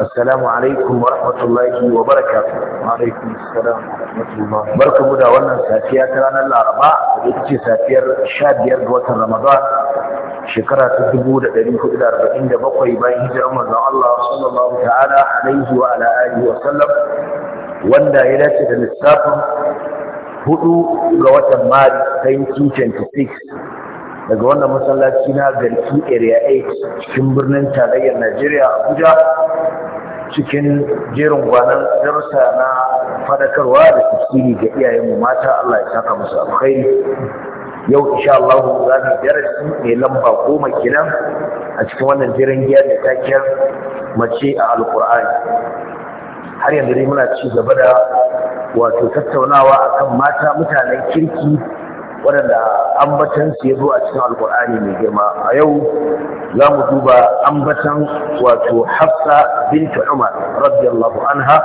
assalamu alaikum wa rahmatullahi wa barakatuh wa alaikum assalam wa rahmatullahi barkamu da wannan safiya ta ranar laraba da ita ce safiyar 15 ga watan ramadan shekara ta 1447 bayan hijirar manzon Allah sallallahu ta'ala alaihi wa ala alihi wa sallam wanda ya dace da lissafin hudu ga watan maris 1926 daga wannan masallaci na garki area 8 cikin birnin tarayyar najeriya abuja cikin jerin gwanan darussa na fadakarwa da tafsiri ga iyayenmu mata allah ya saka musu alkhairi yau insha Allah za mu darasi mai lamba goma kenan a cikin wannan jiran giya da takiyar mace a alkur'ani har yanzu dai muna ci gaba da wato tattaunawa akan mata mutanen kirki waɗanda ambatan su ya zo a cikin alkur'ani mai girma a yau za mu duba ambatan wato hafsa bintu umar radiyallahu anha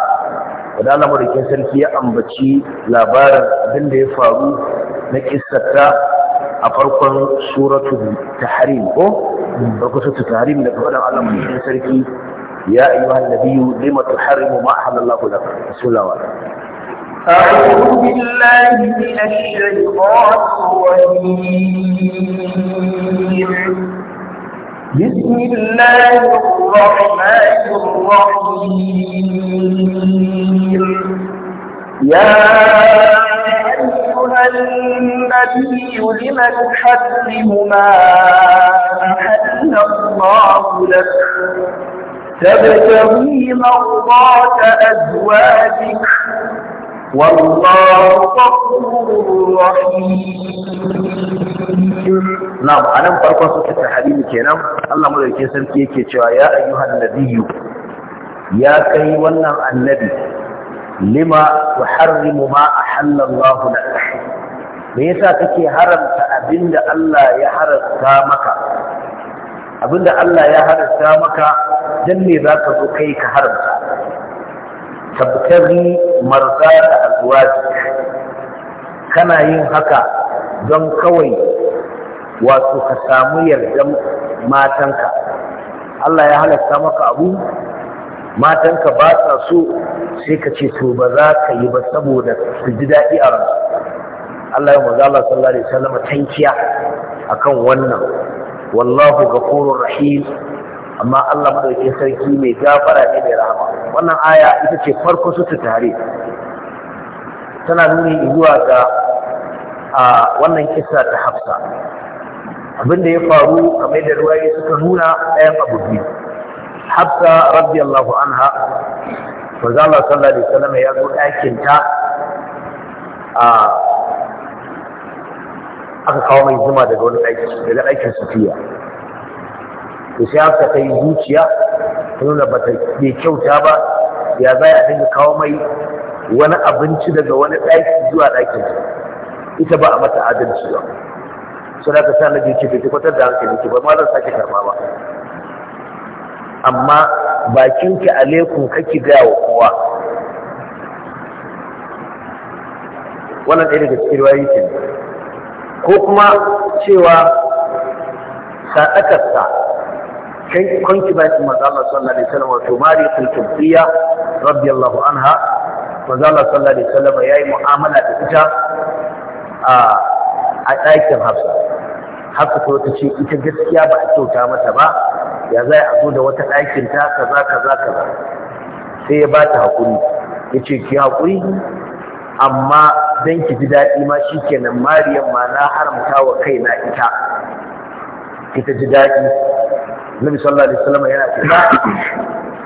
wadda lamarikin sarki ya ambaci labarin abin da ya faru na kissarta a farkon suratu tahrim ko farkon suratu tahrim da faɗin alamarikin sarki ya ayyuhan nabiyyu lima tuharrimu ma ahallallahu lak bismillah أعوذ بالله من الشيطان الرجيم بسم الله الرحمن الرحيم يا أيها النبي لم تحرم ما أحل الله لك تبتغي مرضات أزواجك والله غفور رحيم نعم انا فرقا سوره الحديد كينان الله مدركي سركي yake cewa ya ayyuhan nabiyyu ya kai wannan annabi lima tuharrimu ma ahalla Allah lak me yasa kake haramta abinda Allah ya haramta maka abinda Allah ya haramta maka dan me zaka zo kai ka haramta tabtaghi marzata azwajik kana yin haka don kawai wato ka samu yardan matanka Allah ya halatta maka abu matanka ba sa so sai ka ce to ba za ka yi ba saboda su ji daɗi a ransu Allah ya maza Allah sallallahu alaihi wasallam tankiya akan wannan wallahu ghafurur rahim amma Allah madauki sarki mai gafara ne mai rahama wannan aya ita ce farko su tare tana nuni zuwa ga a wannan kisa ta Hafsa abinda ya faru kamar da ruwaye suka nuna ɗayan abu biyu Hafsa radiyallahu anha manzo zalla sallallahu alaihi wasallam ya zo ɗakin ta a aka kawo mai zuma daga wani daga ɗakin Safiya to sai ta yi zuciya ta nuna ba ta bai kyauta ba ya za a dinga kawo mai wani abinci daga wani ɗaki zuwa ɗakin ita ba a mata adalci ba sai da ka sa na jiki da kwatar da hankali ki ba ma zan sake karma ba amma ki a lekun kake gaya wa kowa wannan ɗaya daga cikin ruwa yake ko kuma cewa sadakarsa kai kwanki ki maza Allah sallallahu alaihi wasallam wato mari kulkubiyya radiyallahu anha manzo Allah sallallahu alaihi wasallam yayi mu'amala da ita a a ɗakin Hafsa Hafsa ko ta ce ita gaskiya ba a kyauta mata ba ya zai a zo da wata ɗakin ta kaza kaza kaza sai ya ba ta Ya ce ki hakuri amma dan ki ji daɗi ma shikenan mariyan ma na haramta wa kaina ita ki ta ji daɗi nabi sallallahu alaihi wasallam yana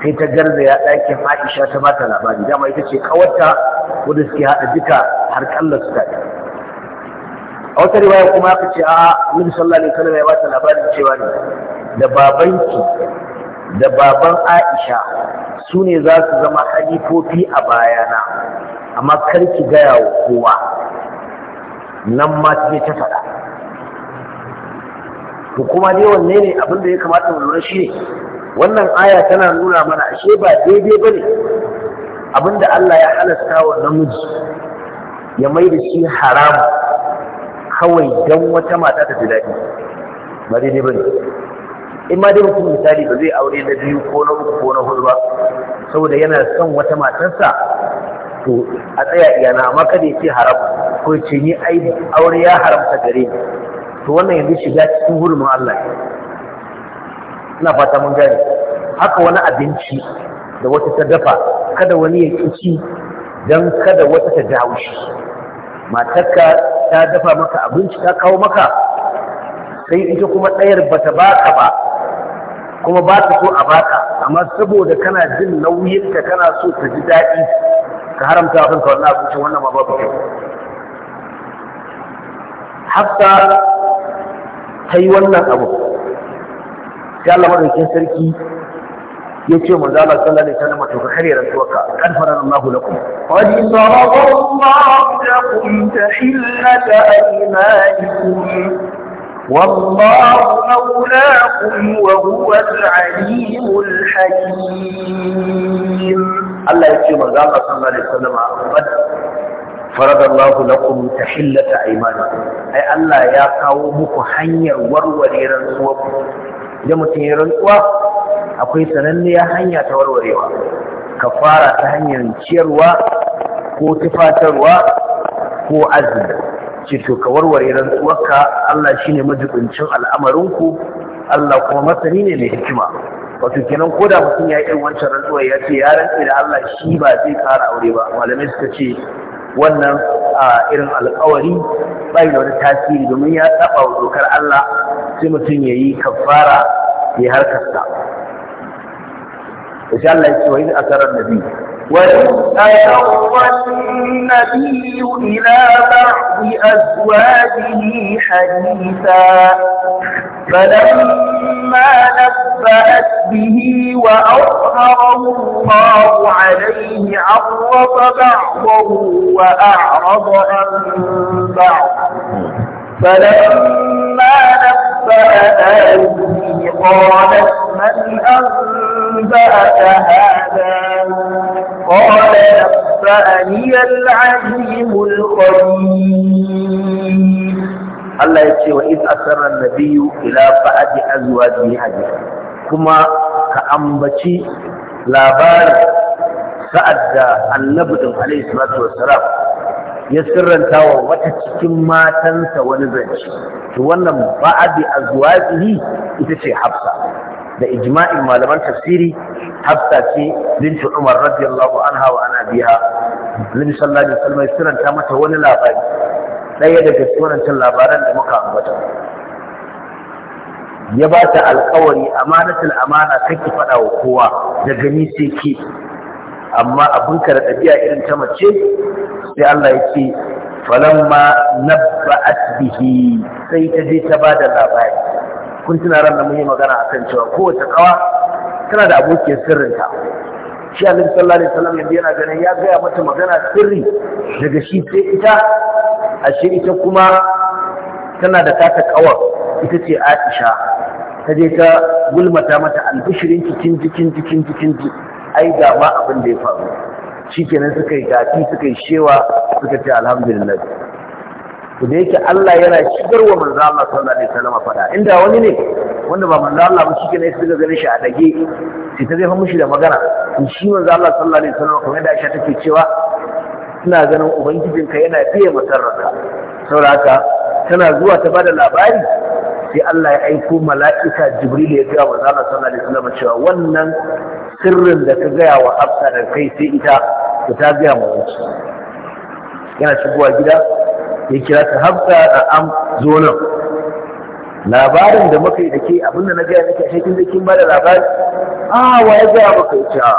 fita sai ta garza ya dakin Aisha ta bata labari dama ita ce kawarta wanda suke hada duka har kallon su ta a wata riwaya kuma aka ce a nabi sallallahu alaihi wasallam ya bata labarin cewa ne da babanki da baban Aisha su ne za su zama halifofi a bayana amma kar ki gaya wa kowa nan ma ta ta faɗa to kuma dai wanne ne abin da ya kamata mu lura shi ne wannan aya tana nuna mana ashe ba daidai bane abin da Allah ya halasta wa namiji ya mai da shi haramu kawai dan wata mata ta ji ba daidai bane in ma dai mutum misali ba zai aure na biyu ko na uku ko na hudu ba saboda yana son wata matarsa to a tsaya iyana amma kada ya ce haram ko ce ni aure ya haramta gare ni to wannan yanzu shiga cikin hurumin Allah ne ina fata mun gane haka wani abinci da wata ta dafa kada wani ya ci don kada wata ta ji haushi matarka ta dafa maka abinci ta kawo maka sai ita kuma ɗayar bata baka ba kuma ba ta so a baka amma saboda kana jin nauyinta kana so ka ji daɗi ka haramta kanka wannan abincin wannan ma babu kyau yi wannan abu sai Allah madaukakin sarki ya ce manzo Allah sallallahu alaihi wasallam to ka kare rantsuwarka kad farana Allahu lakum qad farada Allahu lakum tahillata aymanikum والله مولاكم وهو العليم الحكيم الله يكفي من قال صلى الله عليه وسلم قد laku ta lakum a aymanakum ai Allah ya kawo muku hanyar warware rantsuwa idan mutum ya rantsuwa akwai sananniyar hanya ta warwarewa kafara ta hanyar ciyarwa ko tufatarwa ko azumi ce ka warware rantsuwarka Allah shine majibincin al'amarinku Allah kuma masani ne mai hikima wato kenan ko da mutum ya yi irin wancan rantsuwar ya ce ya rantse da Allah shi ba zai kara aure ba malamai suka ce wannan a irin alkawari bai da wani tasiri domin ya saba dokar Allah sai mutum ya yi kafara ya harkarsa. Insha Allah ya ce wa yi asarar nabi ويسأل النبي إلى بعض أزواجه حديثا فلما نبأت به وأظهره الله عليه عرض بعضه وأعرض عن بعض فلما نبأها به قالت من أنبأك هذا قال نبأني العليم الخبير الله يقول وإذ أسر النبي إلى بعد أزواجه حديثا كما كأنبتي labarin sa'ad da annabudin alaihi salatu wassalam ya sirranta wa wata cikin matansa wani zaci. to wannan ba'adi azwajihi ita ce hafsa da ijma'in malaman tafsiri hafsa ce bintu umar radiyallahu anha wa ana biha annabi sallallahu alaihi wasallam siranta mata wani labari ɗaya daga cikin labaran da muka ambata ya ba ta alkawari amanatul amana kake faɗa wa kowa da gani sai ke amma abinka da ɗabi'a irin ta mace sai Allah ya ce falamma nabba'at bihi sai ta je ta bada labari kun tuna ran da mun yi magana akan cewa kowace kawa tana da abokiyar sirrinta shi alim sallallahu alaihi wasallam yanzu yana ganin ya gaya mata magana sirri daga shi sai ita A shi ita kuma tana da tata kawar ita ce Aisha ta je ta gulmata mata albishirin cikin cikin cikin cikin ai ga ma abin da ya faru shikenan suka yi gati suka yi shewa suka ce alhamdulillah to da yake Allah yana shigar wa manzo Allah sallallahu alaihi wasallam fada inda wani ne wanda ba manzo Allah ba shike ne su ga ganin shi a dage sai ta zai mushi da magana shi manzo Allah sallallahu alaihi wasallam kamar da Aisha take cewa ina ganin ka yana biye masarraka saboda haka tana zuwa ta bada labari sai Allah ya aiko mala'ika Jibril ya ga wa Allah sallallahu alaihi wasallam cewa wannan sirrin da ka gaya wa Hafsa da kai sai ita ta ta gaya ma yana shigowa gida ya kira ta hafsa a am zo labarin da muka yi da ke abin da na gaya nake ashe da kin ba da labari a wa ya gaya maka yi ce a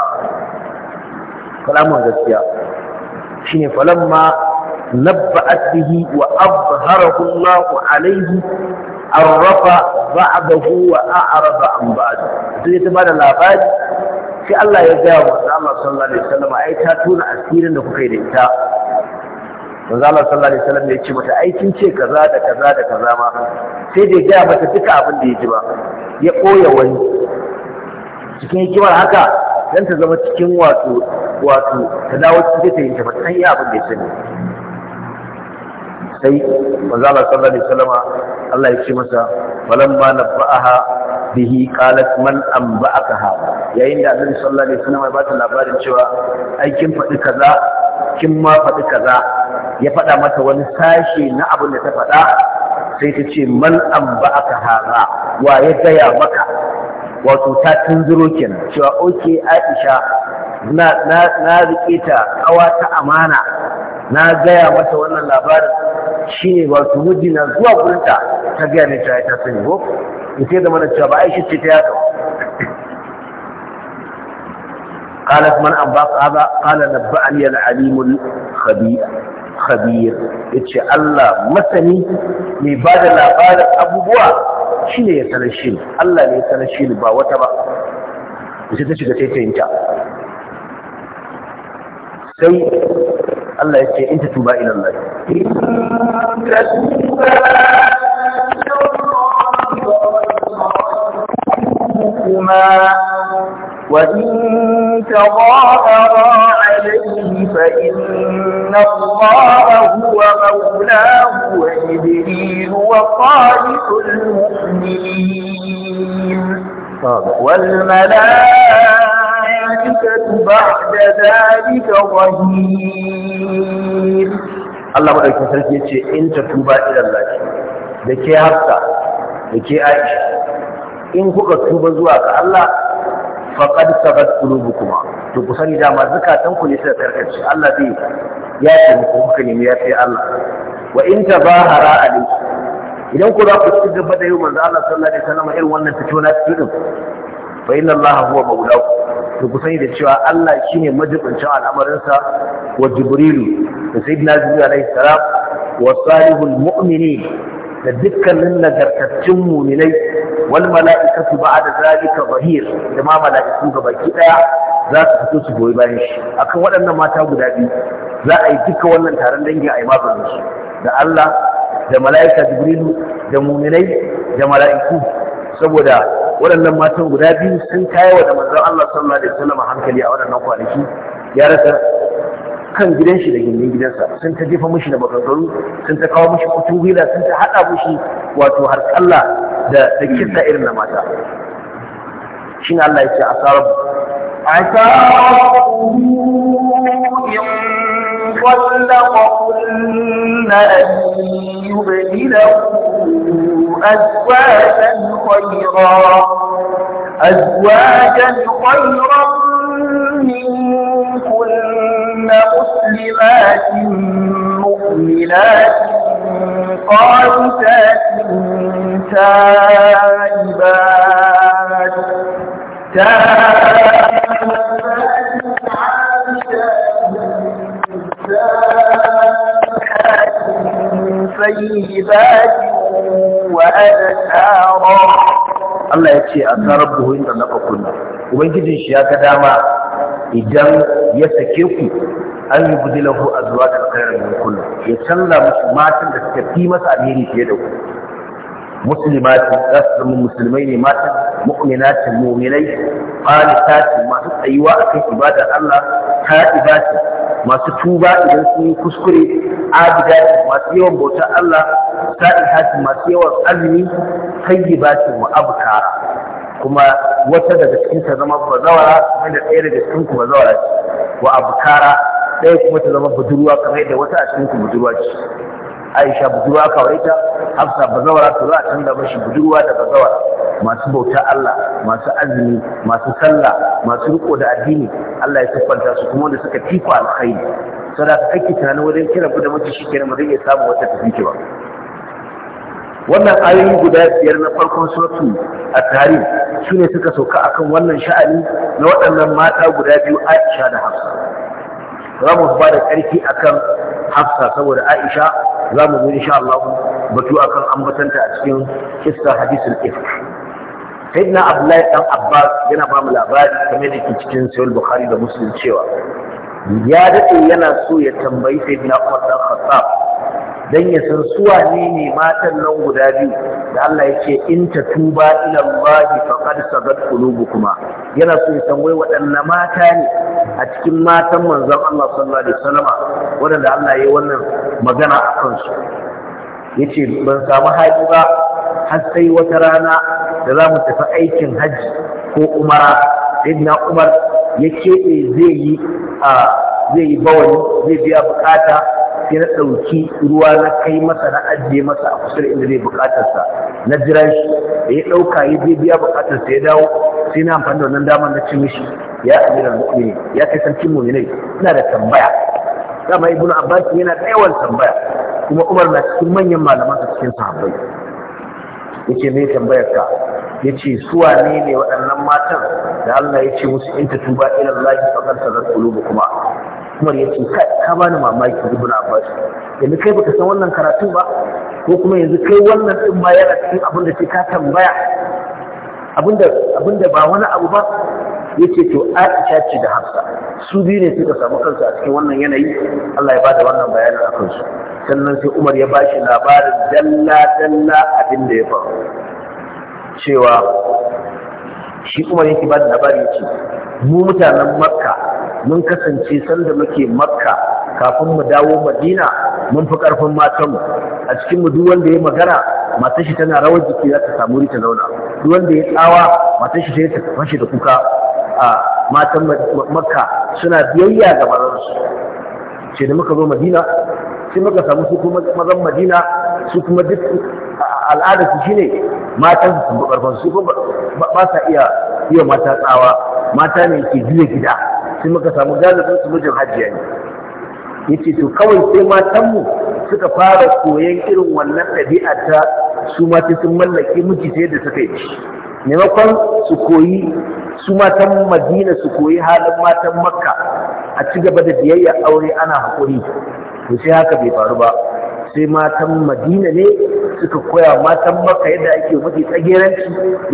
kalamun gaskiya shine falamma نبأت به وأظهره الله عليه عرف بعده وأعرض عن بعده sai ta bada labari sai Allah ya gaya wa Allah sallallahu alaihi wasallam ai ta tona asirin da kuka yi da ita manzo Allah sallallahu alaihi wasallam ya ce mata ai kin ce kaza da kaza da kaza ma sai da ya mata duka abin da ya ji ba ya koya wani cikin hikimar haka dan ta zama cikin wato wato ta dawo cikin ta yin ta ba san abin da ya sani sai manzo Allah sallallahu alaihi wasallam Allah ya ce masa falamma naba'aha bihi qalat man anba'aka ha yayin da Annabi sallallahu alaihi wasallam ya ba ta labarin cewa ai kin faɗi kaza kin ma faɗi kaza ya faɗa mata wani sashe na abin da ta faɗa sai ta ce man anba'aka hada wa ya gaya maka wato ta tunzuro kenan cewa oke Aisha na na rike ta kawa ta amana na gaya mata wannan labarin shine wato miji na zuwa gurin ta ta gaya ne ta ta sani ko in sai da mana cewa ba aishi ce ta Kala an yaka قالت من أنباك هذا قال نبأني العليم الخبير khabir ce Allah masani mai ba da labarin abubuwa shine ya sanar shi Allah ne ya sanar shi ba wata ba sai ta shiga taitayinta sai Allah ya ce in ta tuba ila وإن تظاهرا عليه فإن الله هو مولاه وجبريل وصالح المؤمنين والملائكة بعد ذلك ظهير Allah madaukakin sarki yace in tatuba ila Allah da ke hafsa da ke Aisha in kuka tuba zuwa ga Allah faqad sabat kuma, to ku sani dama zakatan ku ne sai karkace Allah zai ya ce ku kuka nemi ya sai Allah wa in tabahara alayhi idan ku za ku ci gaba da yi manzo Allah sallallahu alaihi wasallam irin wannan fito na fito fa inna allaha huwa maulahu to ku sani da cewa Allah shine majibincin al'amarinsa wa jibrilu da sayyidina jibril alaihi salam wa salihul mu'minin da dukkanin nagartattun muminai wal mala'ikatu ba'da zalika zahir da ma mala'iku ga baki daya za su fito su goyi bayan shi akan waɗannan mata guda biyu za a yi duka wannan taron dangin a yi maganin da Allah da mala'ika jibrilu da muminai da mala'iku saboda waɗannan matan guda biyu sun kayawa da manzon Allah sallallahu alaihi wasallam hankali a waɗannan kwanaki ya rasa kan gidan shi da gindin gidansa sun ta jefa mishi da maganganu sun ta kawo mishi kutun gwila sun ta haɗa mishi wato har kalla da da kisa irin na mata Shin Allah ya ce asarar طلقكن أن يبدله أزواجا خيرا أزواجا خيرا منكن مسلمات مؤمنات قانتات تائبات تائبات طيبات وأنهارا الله يتشي أثنى ربه إن نفقنا ومن جدين شياك داما إذن يسكيكو أن يبدله أزواج الخير من كل يتشلى مسلمات تستقيمة أميري في يده مسلمات أسلم المسلمين مات مؤمنات مؤمنين قالتات ما تتأيوا أكي إبادة الله تائبات ما ستوبا إذن سنين كسكري abidatin masu yawan bautar Allah sa'ihatin masu yawan azumi tayyibatin wa abkara kuma wata daga cikin ta zama bazawara wanda ɗaya daga cikin ku bazawara ce wa abkara ɗaya kuma ta zama budurwa kamar yadda wata a cikin ku budurwa ce Aisha budurwa kawai ta Hafsa bazawara to za a canza mashi budurwa da bazawara masu bauta Allah masu azumi masu sallah masu riko da addini Allah ya siffanta su kuma wanda suka tifa alkhairi sau da kake tunanin wajen kiran ku da mace shi kenan ba zai iya samun wata tafi ba wannan ayoyi guda biyar na farkon suratu a tarihi su ne suka sauka akan wannan sha'ani na waɗannan mata guda biyu aisha da hafsa za mu ba da ƙarfi akan hafsa saboda aisha za mu zo insha batu akan ambatanta a cikin kissa hadisul ifk sayyidina abdullahi dan abbas yana ba mu labari kamar da ke cikin sahih bukhari da muslim cewa ya daɗe yana so ya tambayi sai na umar dan khattab dan ya san suwa ne ne matan nan guda biyu da Allah ya ce in ta tuba ila Allah faqad sagat qulubukuma yana so ya san wai waɗanne mata ne a cikin matan manzon Allah sallallahu alaihi wasallama waɗanda Allah ya wannan magana a kansu yace ban samu haƙi ba har sai wata rana da za mu tafi aikin hajji ko umara sayyidina Umar ya keɓe zai yi a zai yi bawani zai biya bukata sai na ɗauki ruwa na kai masa na ajiye masa a kusa da inda zai bukatarsa na jiran shi da ya ɗauka ya zai biya bukatarsa ya dawo sai na amfani da wannan damar na cin mishi ya amira mu'mini ya kai sarkin mu'minai ina da tambaya dama ibnu abbas yana da yawan tambaya kuma umar na cikin manyan malaman sa cikin sahabbai yace me tambayar ka ya ce suwa ne ne waɗannan matan da Allah ya ce musu in ta tuba ilan lahi fakar ta zan kulubu kuma Umar ya ce ka bani mamaki ibn Abbas yanzu kai baka san wannan karatun ba ko kuma yanzu kai wannan din ma yana cikin abin da ce ka tambaya abin da ba wani abu ba ya ce to Aisha ce da Hafsa su biyu ne suka samu kansu a cikin wannan yanayi Allah ya bada wannan bayanin a kansu sannan sai Umar ya bashi labarin dalla dalla abin da ya faru cewa shi umar yake ba da labari ya ce mu mutanen makka mun kasance sanda muke makka kafin mu dawo madina mun fi karfin matanmu a cikin mu duk wanda ya magana matar shi tana rawar jiki za ta samu rita zauna duk wanda ya tsawa matar shi sai ta fashe da kuka a matan makka suna biyayya ga mazansu ce da muka zo madina sai muka samu su kuma mazan madina su kuma duk al'adar su shine matan su sun bi ƙarfin ba sa iya iya mata tsawa mata ne ke juya gida sai muka samu galibin su mijin hajiya ne yace to kawai sai matan mu suka fara koyon irin wannan ɗabi'a ta su mata sun mallake miji sai da suka yi maimakon su koyi su matan madina su koyi halin matan makka a ci gaba da biyayya aure ana haƙuri to sai haka bai faru ba sai matan madina ne suka koya matan maka yadda ake miji tsageranci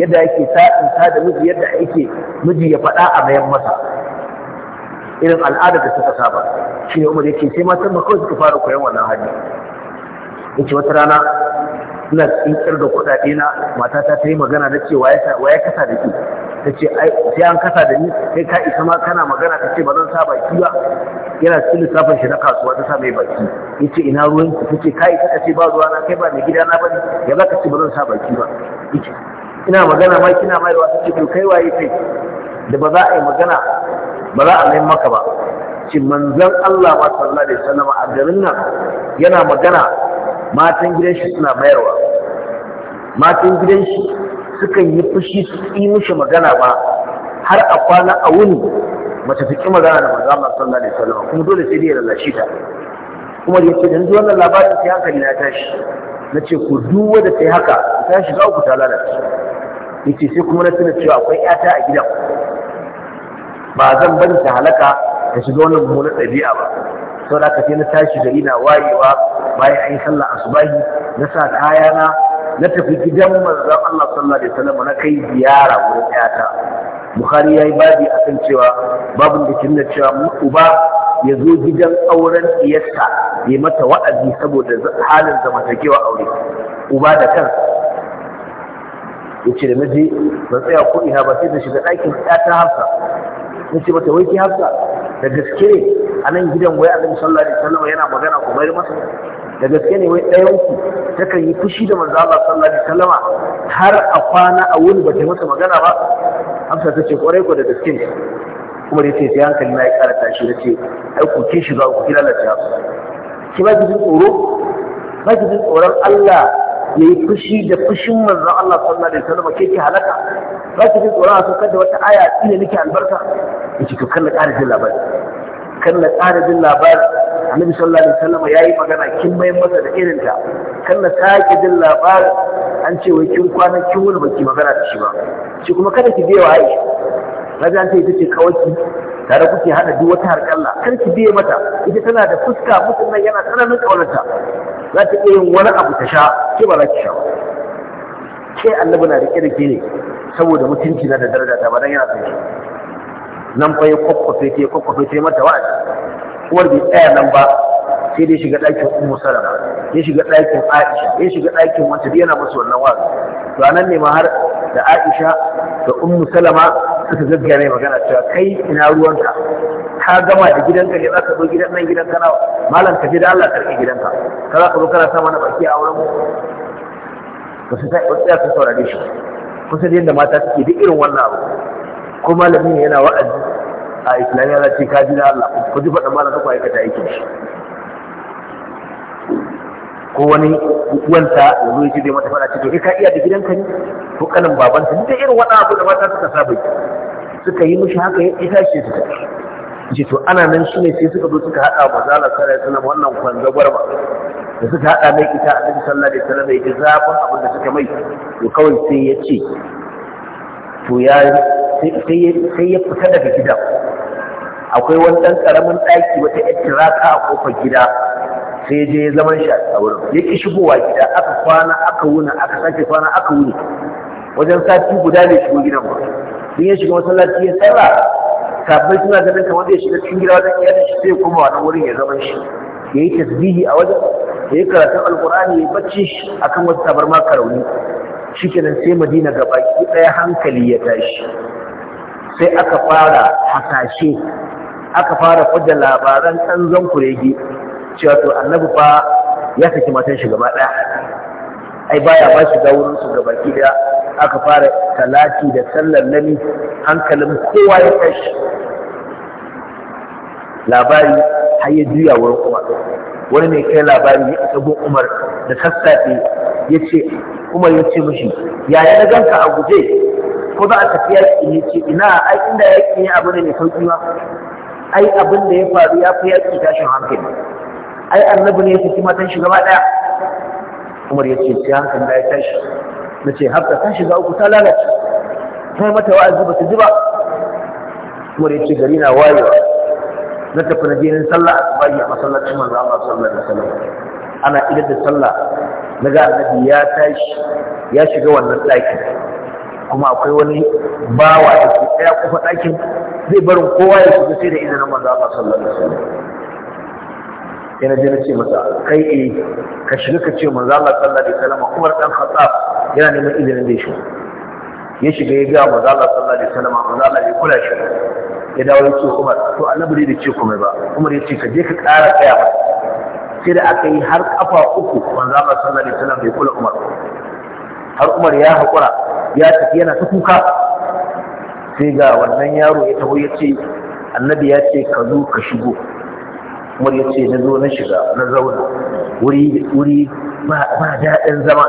yadda ake sa'in da miji yadda ake miji ya faɗa a bayan masa irin al'adar da suka saba shi ne umar yake sai matan maka suka fara koyan wannan hali ce wata rana ina tsinkar da kuɗaɗe na matata ta yi magana da cewa ya kasa da ke ta ce sai an kasa da ni sai ka isa ma kana magana ta ce ba zan sa baki ba yana cikin lissafin shi na kasuwa ta sa mai baki ya ce ina ruwan ta ce ka isa ka ce ba ruwa na kai ba ne gida na ba ne ya za ka ce ba zan sa baki ba ina magana ma kina mai ruwa ta ce to kai waye kai da ba za a yi magana ba za a mai maka ba ce manzon Allah ma sallallahu alaihi wasallam a garin nan yana magana matan gidan shi suna mayarwa matan gidan shi sukan yi fushi su yi mishi magana ba har a kwana a wuni mace ta ki magana da manzo Allah sallallahu alaihi wasallam kuma dole sai dai lallashi ta kuma da yake dan wannan labarin sai hankali na tashi na ce ku duwa da sai haka tashi za ku ta Ya yace sai kuma na tuna cewa akwai yata a gidan ba zan bari ta halaka ta shiga wannan mummunan ɗabi'a ba saboda ka sai na tashi gari na wayewa bayan an yi sallah asubahi na sa kayana na tafi gidan manzon Allah sallallahu alaihi wasallam na kai ziyara wurin ƴata Bukhari yayi babi akan cewa babin da kinna cewa uba ya zo gidan auren iyarsa ya mata wa'azi saboda halin zamantakewa aure uba da kan yace da miji ban tsaya kudi ha ba sai da shiga ɗakin ƴata hafsa yace ce mata wai ki hafsa da gaske ne a nan gidan wai annabi sallallahu alaihi wasallam yana magana ku bari masa da gaske ne wai ɗayan ku kan yi fushi da manzo Allah sallallahu alaihi wasallama har a kwana a wuri ba ta masa magana ba amsa ta ce kwarai ko da gaske ne kuma dai ce sai hankali na ya ƙara tashi da ce ai ku kin shiga ku kira da ta ki ba ki jin tsoro ba ki jin tsoron Allah ya yi fushi da fushin manzo Allah sallallahu alaihi wasallama ke ki halaka ba ki jin tsoron a sokar da wata aya ina nake albarka ki to kan na ƙara jin labari kan na ƙara jin labari annabi sallallahu alaihi wasallam yayi magana kin mai masa da irin ta kan na sake jin labarin an ce wai kin kwana kin wani baki magana da shi ba shi kuma kada ki biya wa Aisha kaga an ce ita ce kawaki tare kuke hada duk wata kalla kar ki biye mata ita tana da fuska mutum nan yana tsananin kaunarta za ta iya yin wani abu ta sha ke ba za ki sha ba ke annabi na rike da ke ne saboda mutunci na da daraja ta ba dan yana son shi. nan fa ya kwakwafe ke kwakwafe mata wa'azi Kuwar bai tsaya nan ba sai dai shiga ɗakin ummu salama ya shiga ɗakin aisha ya shiga ɗakin wata da yana musu wannan wazi to anan ne ma har da aisha da ummu salama suka gaggaya mai magana cewa kai ina ruwanka ka gama da gidanka ne za ka zo gidan nan gidanka na malam ka je da Allah karɓi gidanka ka za ka zo kana sama na baki a wurin mu ba su tsaya su saurare shi kusa da yadda mata suke duk irin wannan abu ko malami ne yana wa'azi a islamiyya za ce kaji na Allah ku ji faɗin na ku aikata aikin shi ko wani uwanta ya zo yake zai mata faɗa cikin ka iya da gidanka ne ko kanin babanta duk da irin wani abu da mata suka saba suka yi mushi haka ya ita shi ta ce to ana nan shi ne sai suka zo suka haɗa manzo Allah sallallahu alaihi wasallam wannan kwanza gwarba da suka haɗa mai ita a cikin sallah da sallah da zafin abin da suka mai to kawai sai ya ce to ya sai ya fita daga gidan akwai wani ɗan ƙaramin ɗaki wata ittiraka a ƙofar gida sai je ya zaman shi a wurin ya ƙi shigowa gida aka kwana aka wuna aka sake kwana aka wuni wajen sati guda bai shigo gidan ba sun ya shiga masallaci ya tsara sabbin suna ganin kamar zai shiga cikin gida wajen iyalin shi sai kuma wannan wurin ya zaman shi ya yi tasbihi a wajen ya yi karatun alkur'ani ya bacci shi akan wata tabarma karauni shikenan sai madina ga baki ɗaya hankali ya tashi sai aka fara hasashe aka fara kudda labaran ɗanzan kuregi cewa to annabi fa ya saki matan shi gaba ɗaya ai baya ba shi ga wurin su gaba ɗaya aka fara talati da sallar lami hankalin kowa ya tashi labari har ya juya wurin kuma wani mai kai labari ya tago umar da sassafe yace Umar yace mishi yaya na ganka a guje ko za a tafi yaƙi ne ce ina ai inda yaƙi ne abu ne mai sauƙi ba ai abin da ya faru ya fi yaƙi tashin hankali ai annabi ne ya saki matan shi gaba ɗaya Umar ya ce sai hankali da ya tashi na ce hafta ta shiga uku ta lalace ta yi mata wa'azi ba ta ji ba Umar ya ce gari na wayewa na tafi na jinin sallah a tsibagi a masallacin manzo Allah sallallahu alaihi wasallam ana idar da sallah na ga annabi ya tashi ya shiga wannan ɗakin kuma akwai wani bawa da ke tsaya kufa ɗakin zai barin kowa ya shiga sai da izinin manzo Allah sallallahu alaihi wasallam yana je na ce masa kai eh ka shiga ka ce manzo Allah sallallahu alaihi wasallam Umar dan Khattab yana neman izinin da shi ya shiga ya ga manzo Allah sallallahu alaihi wasallam manzo Allah ya kula shi ya dawo ya ce Umar to annabi bai ce komai ba Umar ya ce ka je ka ƙara tsaya masa sai da aka yi har kafa uku manzo Allah sallallahu alaihi wasallam bai kula Umar har Umar ya hakura ya tafi yana ta kuka sai ga wannan yaro ya taho ya ce annabi ya ce ka zo ka shigo Umar ya ce na zo na shiga na zauna wuri wuri ba daɗin zama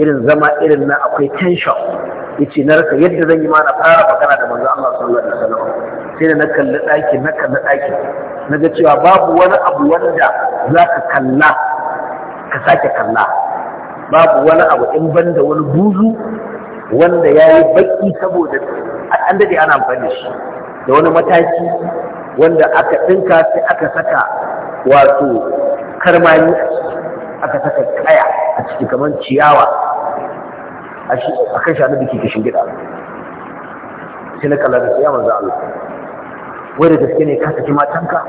irin zama irin na akwai tension yace na rasa yadda zan yi mana na fara magana da manzo Allah sallallahu alaihi wasallam sai da na kalli ɗaki na kalli ɗakin na ga cewa babu wani abu wanda za ka kalla ka sake kalla babu wani abu in ban da wani buzu wanda ya yi baƙi saboda an daɗe ana amfani da shi da wani mataki wanda aka ɗinka sai aka saka wato karmani aka saka kaya a ciki kamar ciyawa a kan shanu da ke kishin gida sai na kalla da sai za a Allah wai da gaske ne ka saki matanka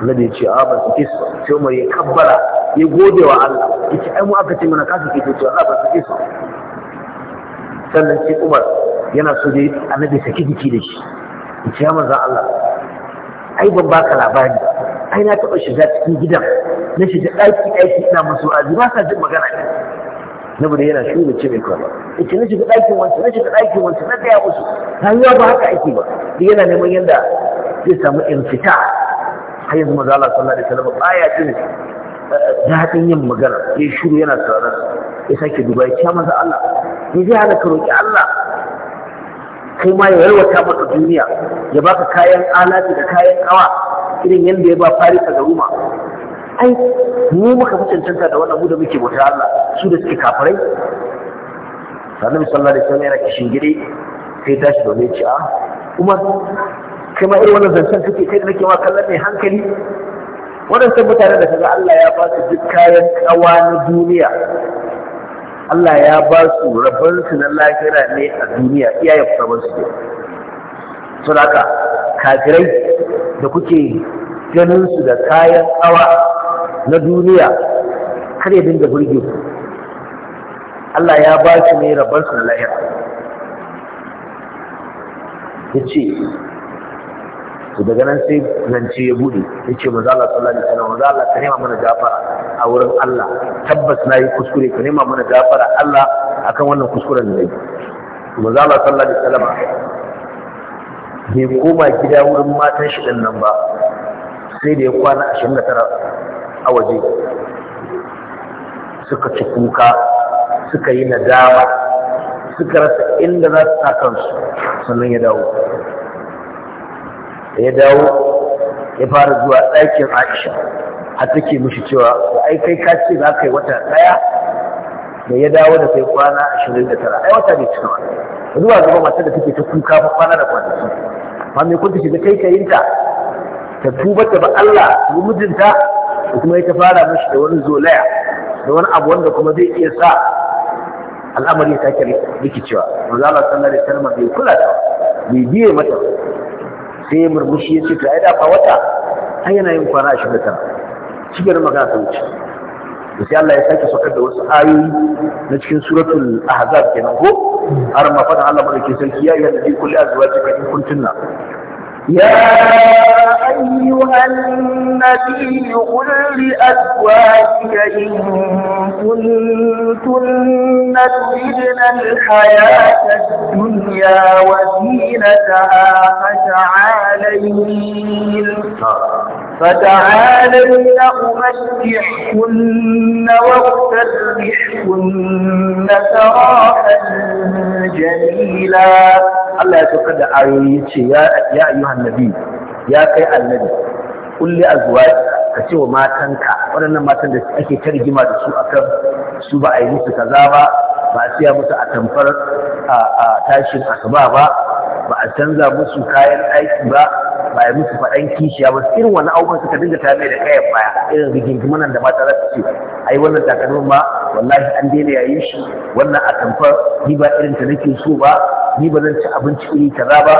annabi ya ce a ah, ba su kisa sai umar ya kabbara ya gode wa Allah ya ce ai mu aka ce mana ka saki ta ce a ah, ba su kisa sannan sai umar yana so dai annabi saki jiki da shi ya ce ya manzan Allah ai ban baka labari ai na taɓa shiga cikin gidan na shiga ɗaki ɗaki ina masu azi ba sa jin magana ne. saboda yana shi da ce mai kama ita na shiga ɗakin wancan na shiga ɗakin wancan na gaya musu rayuwa ba haka ake ba duk yana neman yadda zai samu in fita har yanzu maza Allah sallallahu alaihi wasallam baya jin eh, daɗin yin magana ya shiru yana tsaron ya sake duba ya ce maza Allah ya zai hana ka roƙi Allah kai ma ya yalwata maka duniya ya baka kayan alati da kayan kawa irin yadda ya ba farisa da ruma ai mu muka fi cancanta da wannan mu da muke bauta Allah su da suke kafirai sannan sallallahu da wasallam yana kishin gire sai tashi domin ci a ah, Umar kai ma irin wannan zancen kake kai da nake ma kallon mai hankali waɗansu mutane da kaga Allah ya ba su duk kayan kawa na duniya Allah ya ba su rabansu na lahira ne a duniya iyaye kusurban su sun haka kafirai da kuke ganin su da kayan kawa na duniya har ya dinga burge ku Allah ya ba shi ne rabarsa na lahira ya ce su daga nan sai zance ya buɗe. ya ce maza Allah sallallahu alaihi wasallam maza Allah ka nema mana jafara a wurin Allah tabbas na yi kuskure ka nema mana jafara Allah a kan wannan kuskuren da yi maza Allah sallallahu sallama. bai koma gida wurin matan shi nan ba sai da ya kwana 29 a waje suka ci kuka suka yi nadama suka rasa inda za su kansu sannan ya dawo ya dawo ya fara zuwa ɗakin aisha a take mushi cewa ai kai ka ce za ka yi wata ɗaya da ya dawo da kai kwana ashirin da tara ai wata bai cika ba zuwa gaba matar da take ta kuka ba kwana da kwanaki Ba me kun ta shiga kai kayinta ta tuba ta ba Allah mijinta da kuma ya ta fara mashi da wani zolaya da wani abu wanda kuma zai iya sa al'amari ta ke rikicewa manzo Allah sallallahu da wasallam bai kula ta bai biye mata sai ya murmushi ya ce to ai da fa wata ai yana yin kwana 29 shigar magana ta wuce sai Allah ya sake saukar da wasu ayoyi na cikin suratul ahzab kenan ko har ma fadan Allah ke sarki ya yi da kulli azwajika in kuntunna يا أيها النبي قل لأزواجك إن كنتن تردن الحياة الدنيا وزينتها فتعالين فتعالين أمتعكن وأسرحكن سراحا جميلا الله يتوقع آيوي يا أيها النبي يا كي النبي kulli azwaj ka ce wa matanka waɗannan matan da ake ta da su akan su ba a yi musu kaza ba ba a siya musu a tamfar a tashin asuba ba ba a canza musu kayan aiki ba ba a yi musu faɗan kishiya ba irin wani abubuwan suka dinga ta mai da kayan baya irin rigingimunan da mata za su ce a yi wannan takalmin ma wallahi an daina yayin shi wannan a tamfar ni ba irin ta nake so ba ni ba zan ci abinci iri kaza ba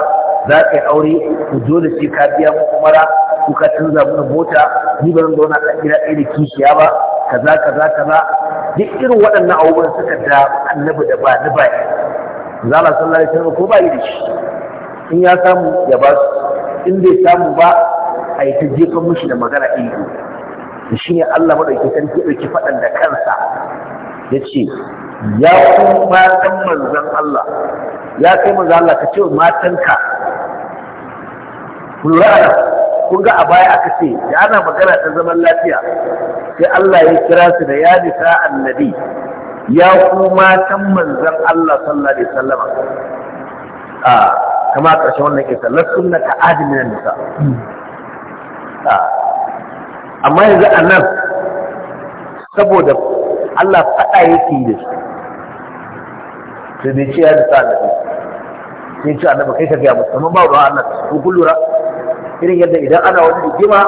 za ka yi aure ku zo da shi ka biya mu umara ko ka canza mana mota ni ba zan zauna a gida ɗaya da kishiya ba kaza kaza kaza duk irin waɗannan abubuwan suka da annabi da ba ni ba ni zala sallallahu alaihi wasallam ko ba yi da shi in ya samu ya ba su in bai samu ba a yi ta jefan mishi da magana ilimi da shi ne Allah maɗauki sarki ɗauki faɗan da kansa ya ce ya ku matan manzan Allah ya kai manzan Allah ka ce matanka ku lura kun ga a baya aka ce da ana magana ta zaman lafiya sai Allah ya kira su da ya nisa annabi ya ku matan manzan Allah sallallahu alaihi wasallam a kama karshen wannan ke sallar sunna ka admin nisa amma yanzu nan saboda Allah faɗa yake da shi, sai dai ce ya nisa annabi sai ce annabi kai ka ga musamman ba wa Allah ku kullura irin yadda idan ana wani rigima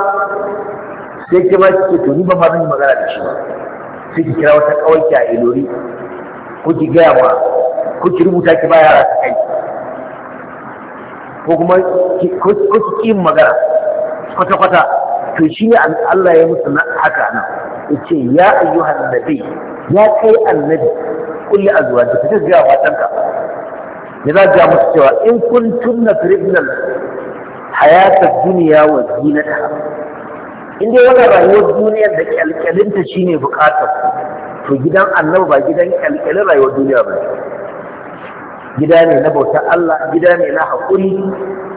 sai ke ba ke tuni ba mazan yi magana da shi ba sai ki kira wata kawai ki a ilori ko ki gaya ma ko ki rubuta ki ba yara ta kai ko kuma ko ki ki magana kwata kwata to shi ne Allah ya musu haka nan yace ya ayyuhan nabi ya kai annabi kulli azwajika ta gaya matanka ya za ga musu cewa in kuntum na firibnal hayatar duniya wa zinata in dai wannan rayuwar duniyar da kyalkyalinta shi shine bukatar to gidan annabi ba gidan kyalkyalin rayuwar duniya ba gida ne na bautar Allah gida ne na haƙuri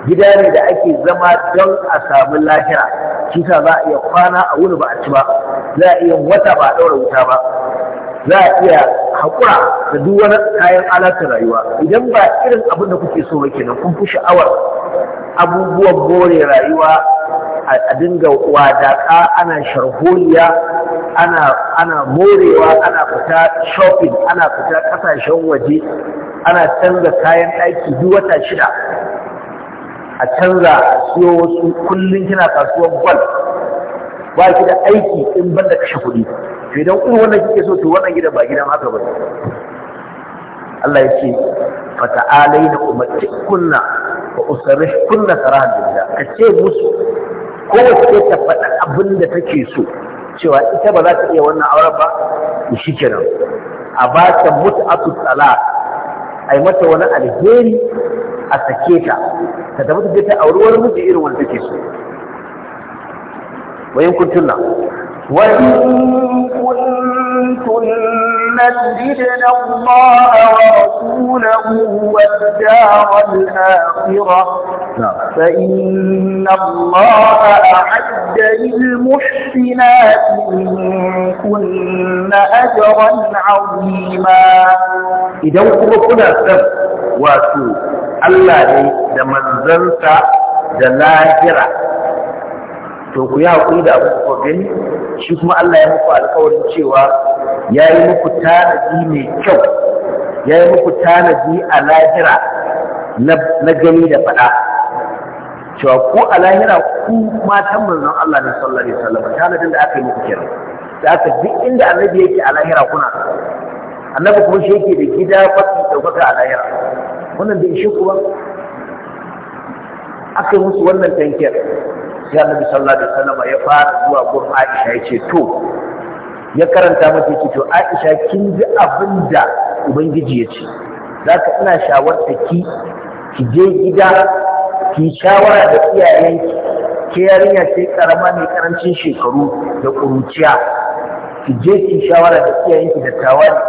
gida ne da ake zama don a samu lahira kisa za a iya kwana a wuni ba a ci ba za a iya wata ba a ɗaura wuta ba za a iya haƙura da duk wani kayan alatar rayuwa idan ba irin abin da kuke so ba kenan kun fi sha'awar abubuwan bore rayuwa a dinga wadaka ana sharholiya ana morewa ana fita shopping ana fita ƙasashen waje ana canza kayan aiki duk wata shida a canza siyo wasu kullum kina kasuwar gwal ba ki da aiki in banda kashe kuɗi to idan wannan kike so to wannan gidan ba gidan haka ba Allah ya ce alai na umarci kunna ba usarri kunna sarahan duniya ka ce musu ko ce ta faɗa abin da take so cewa ita ba za ta iya wannan auren ba shi kiran a ba ta mutu tsala a yi mata wani alheri a sake ta ta tafi ta auri wani miji irin wanda take so wayan kuntunan. وإن كنتن تجدن الله ورسوله والدار الآخرة نعم. فإن الله أعد للمحسنات منكن أجرا عظيما إذا كنت كنا سب واتو الله da manzansa da to ku yi haƙuri da abin ku gani shi kuma Allah ya muku alƙawarin cewa ya yi muku tanadi mai kyau ya yi muku tanadi a lahira na gani da faɗa cewa ko a lahira ku matan manzon Allah ne sallallahu alaihi wasallam tanadin da aka yi muku kenan da aka duk inda annabi yake a lahira kuna annabi kuma shi yake da gida fasu ɗaukaka a lahira wannan da ishe kuma ba aka yi musu wannan tankiyar sai annabi sallallahu alaihi wasallam ya fara zuwa gurin Aisha yace to ya karanta mata yace to Aisha kin ji abinda ubangiji yace zaka ina shawarta ki ki je gida ki shawara da iyayenki ke yarinya ce karama mai karancin shekaru da kuruciya ki je ki shawara da iyayenki da tawali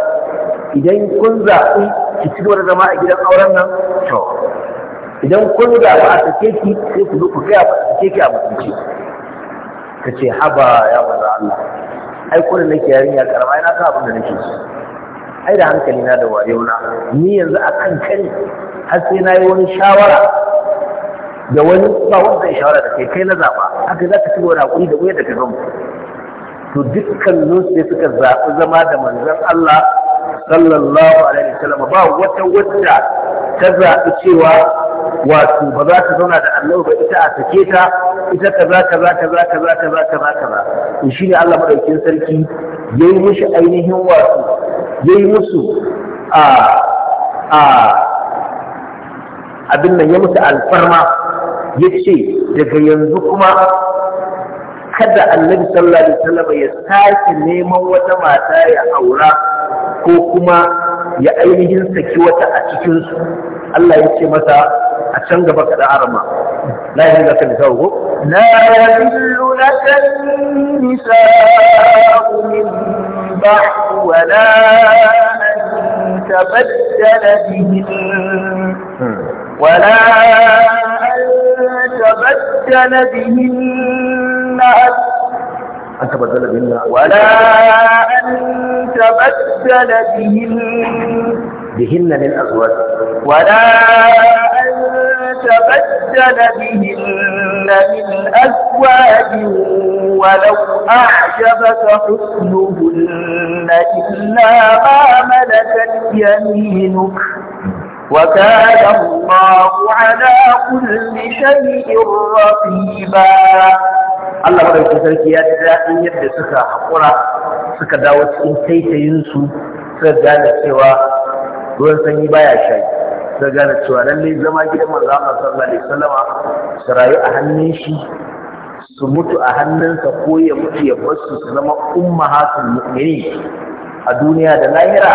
idan kun zaɓi ki ci gaba da zama a gidan auren nan to idan kun ga ba a sake ki sai ku zo kai ba a sake ki a mutunci ka ce haba ya wanzu Allah ai kullun nake yarinya karama ina ka abin da nake so ai da hankali na da wayo na ni yanzu a kan kani har sai na yi wani shawara da wani ba wanda ya shawara da kai kai na zaba haka za ka ci wani haƙuri hakuri da wayar da ka to dukkan sai suka zaɓi zama da manzan Allah sallallahu alaihi wasallam ba wata wadda ta zaɓi cewa wato ba za ta zauna da Allah ba ita a sake ta ita ka ka za kaza kaza kaza kaza kaza kaza kaza to shine Allah maɗaukin sarki ya yi mushi ainihin wato yi musu a a abin nan ya musu alfarma ya ce daga yanzu kuma kada annabi sallallahu alaihi wasallam ya sake neman wata mata ya aura ko kuma ya ainihin saki wata a cikinsu Allah ya ce masa can gaba kaɗa arama la yi zaka nisa ko la yadillu laka nisa min ba'd wa la an tabaddala bihin wa la an tabaddala bihin أن تبدل بهن ولا أن تبدل بهن بهن للأزواج ولا أن تبدل بهن من أزواج ولو أعجبك حسنهن إلا ما ملكت يمينك وكان الله على كل شيء رقيبا Allah madaukakin sarki ya ji daɗin yadda suka haƙura suka dawo cikin taitayinsu suka gane cewa ruwan sanyi baya shayi suka gane cewa lalle zama gidan manzo Allah sallallahu alaihi wasallama su rayu a hannun shi su mutu a hannunsa ko ya mutu ya bar su su zama ummahatul mu'minin a duniya da lahira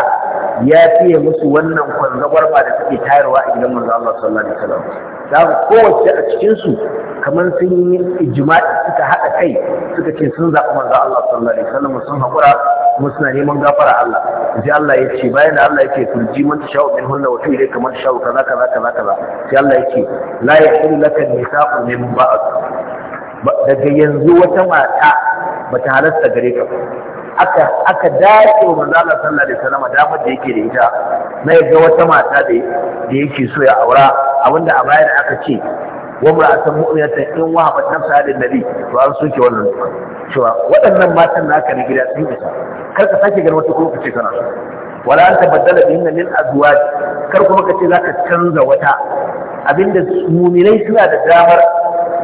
ya fiye musu wannan kwanzagwar ba da suke tayarwa a gidan manzo Allah sallallahu alaihi wasallam Za da kowace a cikinsu kamar sun yi ijma'i suka haɗa kai suka ce sun zaɓi manzo Allah sallallahu alaihi wasallam sun haƙura kuma suna neman gafara Allah sai Allah ya ce bayan da Allah yake turji man sha'u min hunna wa tu'ilai kamar sha'u kaza kaza kaza kaza sai Allah yake la yaqulu laka nisaqu min ba'd daga yanzu wata mata bata halarta gare ka aka aka dace wa manzo Allah sallallahu alaihi wasallam damar da yake da ita na yadda wata mata da da yake so ya aura abinda a bayan da aka ce wa mar'atan mu'minatan in wahabat tafsa da nabi to an soke wannan cewa waɗannan matan naka na gida sun isa kar ka sake ganin wata kuma ka ce kana so wala an tabaddala dinga min azwaj kar kuma ka ce zaka canza wata abinda muminai suna da damar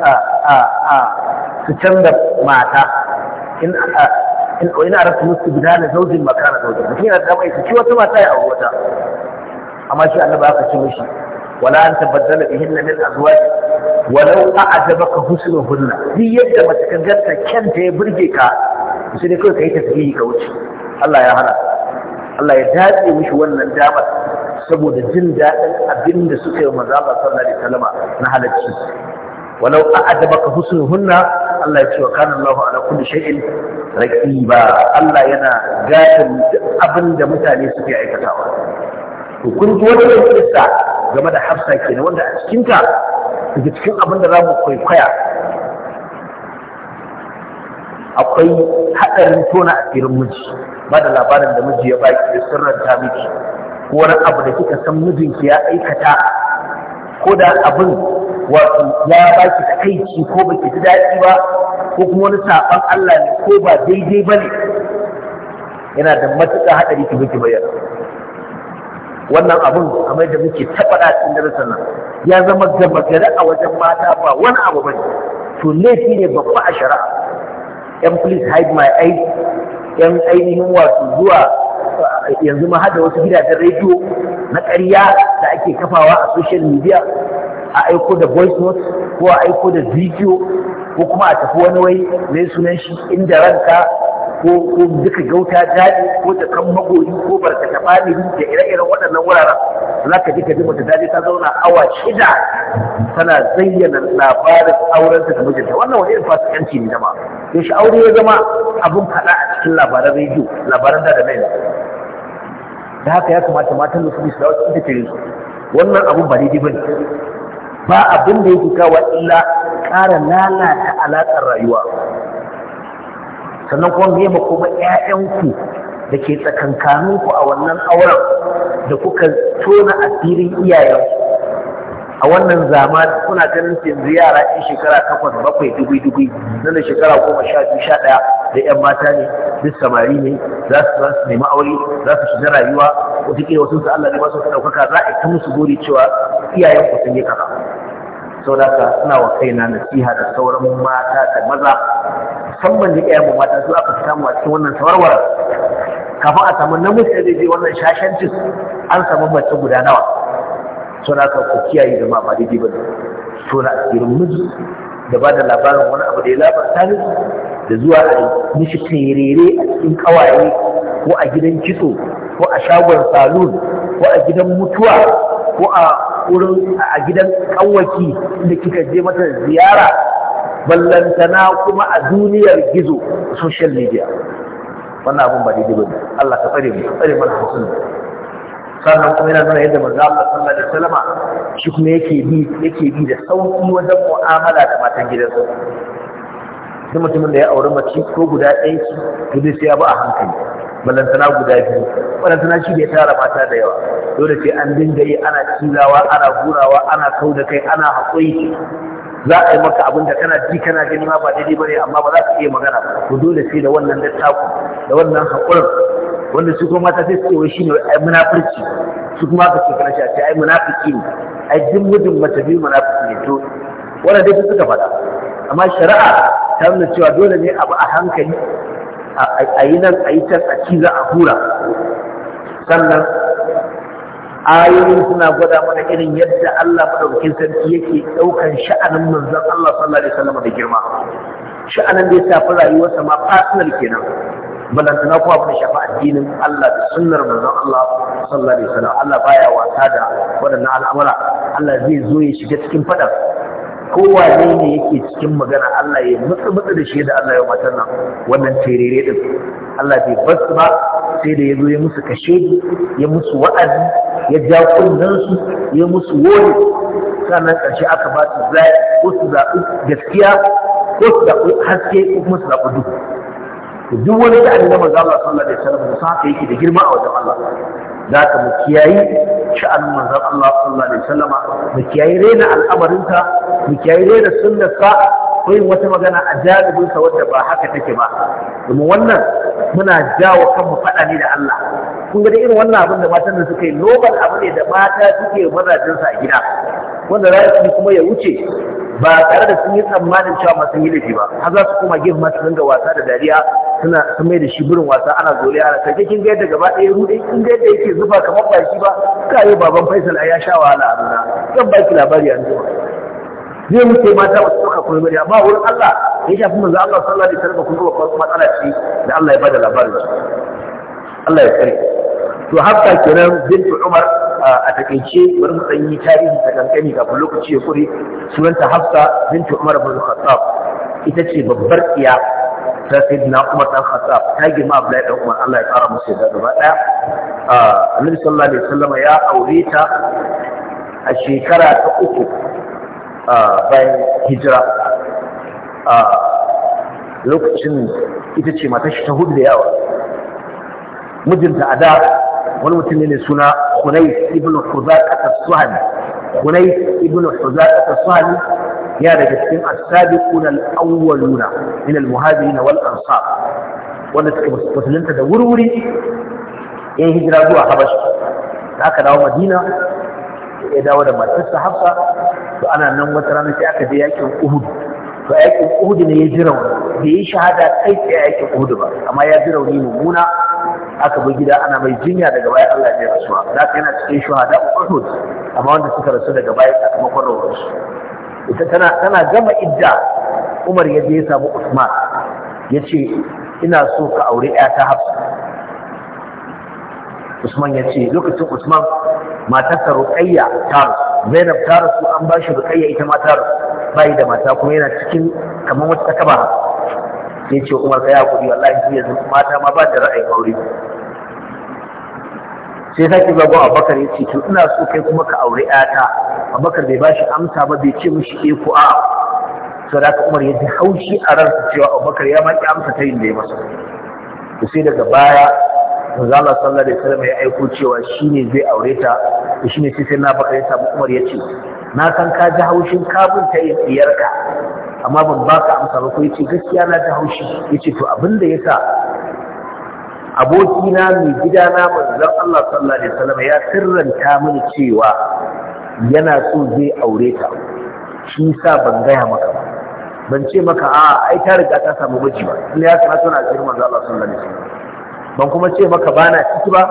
a a a su canza mata in wa ina rasu musu guda da zaujin makana zaujin mutum yana da mai ci wata mata ya auri wata amma shi annabi aka ci mishi wala an tabaddala bihinna min azwaj walau a'jabaka husnuhunna duk yadda mace ka ganta kyanta ya burge ka sai dai kawai yi tasbihi ka wuce Allah ya hana Allah ya dace mishi wannan damar saboda jin daɗin abin da suka yi manzo Allah sallallahu alaihi wasallam na halacci walau a'adabaka husnuhunna Allah ya ce wa kana Allahu ala kulli shay'in raqiba Allah yana gatin abin mutane suke aikatawa to kun ji wannan kissa game da Hafsa ke na wanda a cikinta, ta cikin abin da zamu kwaikwaya akwai hadarin tona asirin miji ba da labarin da miji ya baki da sirranta miki ko wani abu da kika san mijinki ya aikata ko da abin wato ya ba ki aiki ko ba ki daɗi ba ko kuma wani saɓan Allah ne ko ba daidai ba ne yana da matuƙa haɗari ki muke bayar wannan abun kamar da muke taɓaɗa cikin darasin nan ya zama gama gari a wajen mata ba wani abu ba ne to laifi ne babba a shari'a yan please hide my eyes yan ainihin wato zuwa yanzu ma hada wasu gidajen rediyo na ƙarya da ake kafawa a social media a aiko da voice note ko a aiko da video ko kuma a tafi wani wai ne sunan shi inda ranka ko duka gauta daɗi ko da kan magoyi ko barkata famili da ire-iren waɗannan wuraren za ka ji ka ji mata daɗi ta zauna awa shida tana zayyana labarin aurenta da mijinta wannan wani irin fasikanci ne zama to shi aure ya zama abin faɗa a cikin labaran rediyo labaran da da mai da haka ya kamata matan da su bi su dawo wannan abun ba daidai ba ne ba abin da yake kawo illa ƙara lalata alaƙar rayuwa sannan kuma nema kuma ƴaƴanku da ke tsakankaninku a wannan auren da kuka tona asirin iyayensu a wannan zamani kuna ganin yanzu yara ɗin shekara takwas bakwai dubu dubu na da shekara goma sha biyu sha ɗaya da ƴan mata ne duk samari ne za su za su nemi aure za su shiga rayuwa wataƙila wasu su Allah ne ba su ka ɗaukaka za a ta musu gori cewa iyayen ku sun yi kaza saboda suna wa kaina nasiha da sauran mata da maza musamman da mu mata su aka samu a cikin wannan sawarwara kafin a samu namiji da zai je wannan shashancin an samu mace guda nawa suna ka ku kiyaye zama ba daidai ba ne tona miji da ba da labarin wani abu da ya labarta ne da zuwa a mishi terere a cikin kawaye ko a gidan kitso ko a shagon salon ko a gidan mutuwa ko a wurin a gidan kawaki da kika je mata ziyara ballantana kuma a duniyar gizo social media wannan abin ba daidai ba Allah ka tsare mu tsare mana musulmi sannan kuma yana nuna yadda manzo Allah sallallahu alaihi wasallam shi kuma yake bi yake bi da sauki wajen mu'amala da matan gidansa duk mutumin da ya auri mace ko guda ɗaya ce to dai sai ya a hankali balantana guda biyu balantana shi bai tara mata da yawa dole sai an dinga yi ana cizawa ana gurawa ana kau da kai ana haƙuri za a yi maka abin da kana ji kana gani ma ba daidai ba ne, amma ba za ka iya magana ba to dole sai da wannan littafin da wannan haƙurin wanda su kuma mata sai suke wai shine ai munafurci su kuma ka ce kana shi ai munafurci ne ai duk mijin mace biyu munafurci ne to wannan dai suka faɗa amma shari'a ta nuna cewa dole ne abu a hankali a yi nan a yi can a ciza a hura sannan ayoyin suna gwada mana irin yadda Allah madaukakin sarki yake ɗaukan sha'anin manzon Allah sallallahu alaihi wasallam da girma sha'anin da ya tafi rayuwarsa ma personal kenan balantana kuma abin da shafa addinin Allah da sunnar manzon Allah sallallahu alaihi wasallam Allah baya wasa da waɗannan al'amura Allah zai zo ya shiga cikin faɗan kowane ne yake cikin magana Allah ya mutsu mutsu da shi da Allah ya matar nan wannan terere din Allah bai basu ba sai da ya zo ya musu kashe ya musu wa'azi ya ja su ya musu wani sannan ƙarshe aka ba su zai ko su zaɓi gaskiya ko su zaɓi haske ko kuma su zaɓi duhu duk wani da annabi manzo Allah sallallahu alaihi wasallam da saka yake da girma a wajen Allah za ka mu kiyayi sha'anin manzon Allah sallallahu alaihi wasallam mu kiyayi rena ka. mu kiyayi rena ka. akwai wata magana a jalibinsa wadda ba haka take ba domin wannan muna jawo kanmu faɗa ne da Allah kun ga irin wannan abin da matan da suka yi nobel abu ne da mata suke mazajensa a gida wanda za su kuma ya wuce ba tare da sun yi tsammanin cewa masu yi laifi ba har za su koma gefe masu dinga wasa da dariya suna sun mai da shi burin wasa ana zole ana kai kin ga yadda gaba ɗaya rude kin ga yadda yake zuba kamar ba shi ba ka yi baban Faisal a ya sha wahala a nuna zan baki labari an zuwa zai mutu mata ba su ɗauka kuma bari amma wurin Allah ya shafi manzo Allah sallallahu alaihi wasallam kun ga babban matsala ce da Allah ya bada labarin Allah ya kare to hafsa kenan bintu umar a takaice bari mu dan tarihi ta kankani kafin lokaci ya kuri, sunanta hafsa bintu umar bin khattab ita ce babbar iya ta sayyidina umar dan khattab ta girma abdullahi dan umar Allah ya tsara musu da gaba daya annabi sallallahu alaihi wasallam ya aure ta a shekara ta uku bayan hijira lokacin ita ce matashi ta hudu da yawa mijinta a da wani mutum ne suna Hunayt ibn Huzaqa as-Suhani Hunayt ibn Huzaqa as-Suhani ya daga cikin as-sabiquna al-awwaluna min al-muhajirin wal ansar wanda suka musulunta da wurwuri ya hijira zuwa Habasha da aka dawo Madina ya dawo da matarsa Hafsa to ana nan wata rana sai aka je yakin Uhud to yakin Uhud ne ya ji rauni. Bai yi shahada kai tsaye yakin Uhud ba amma ya ji rauni mummuna aka bi gida ana mai jinya daga bayan Allah ya rasuwa Za aka yana cikin shuhada uhud amma wanda suka rasu daga bayan sakamakon rawarsu ita tana tana gama idda Umar ya je ya samu Usman ya ce ina so ka aure ta Hafsa Usman ya ce lokacin Usman matarsa Ruqayya ta rasu Zainab ta rasu an ba shi Ruqayya ita ma ta rasu bai da mata kuma yana cikin kamar wata takaba ya ce umar sai hakuri wallahi shi yanzu mata ma ba ta ra'ayin aure sai sake zagon abubakar ya ce to ina so kai kuma ka aure yata abubakar bai bashi amsa ba bai ce mishi eh ko a'a sau da umar ya ji haushi a ransa cewa abubakar ya maki amsa ta yin da ya masa to sai daga baya manzo sallar sallallahu alaihi wasallam ya aiko cewa shine zai aure ta shine sai sai na bakar ya samu umar ya ce na san ka ji haushin kabin ta yin diyarka amma ban ba ka amsa ba ko yace gaskiya na ji haushi yace to abin da yasa abokina mai gida na manzon Allah sallallahu alaihi wasallam ya sirranta mini cewa yana so zai aure ta shi sa ban gaya maka ba ban ce maka a ai ta riga ta samu miji ba in ya sanar da cikin manzo Allah sallallahu alaihi wasallam ban kuma ce maka bana ciki ba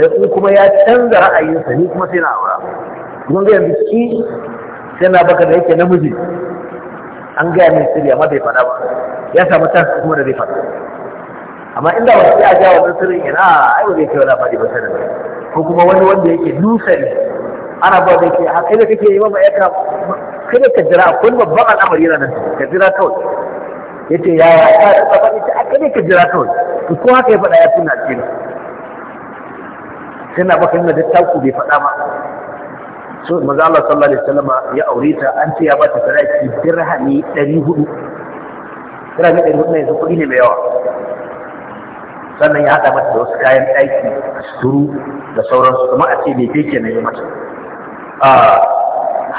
sai kuma ya canza ra'ayinsa ni kuma sai na aura kun ga yanzu shi sai na baka da yake namiji an gaya mai sirri amma bai faɗa ba ya samu ta kuma da zai fada amma inda wani sai a ja wannan sirrin yana ai ba zai kai wani faɗi ba da. ko kuma wani wanda yake nusari ana ba da ke haka da kake yi ma ka kada ka jira akwai babban al'amari yana nan ka jira kawai yace ya ya ta ta ba ni a kada ka jira kawai to ko haka ya faɗa ya tuna cikin sai na baka yana da taku bai faɗa ba. so manzo Allah sallallahu alaihi wasallam ya aure ta an ce ya bata sadaki dirhami 400 dirhami 400 ne yanzu kuɗi ne mai yawa sannan ya haɗa mata da wasu kayan ɗaki a da sauransu kuma a ce bai ke kenan yi mata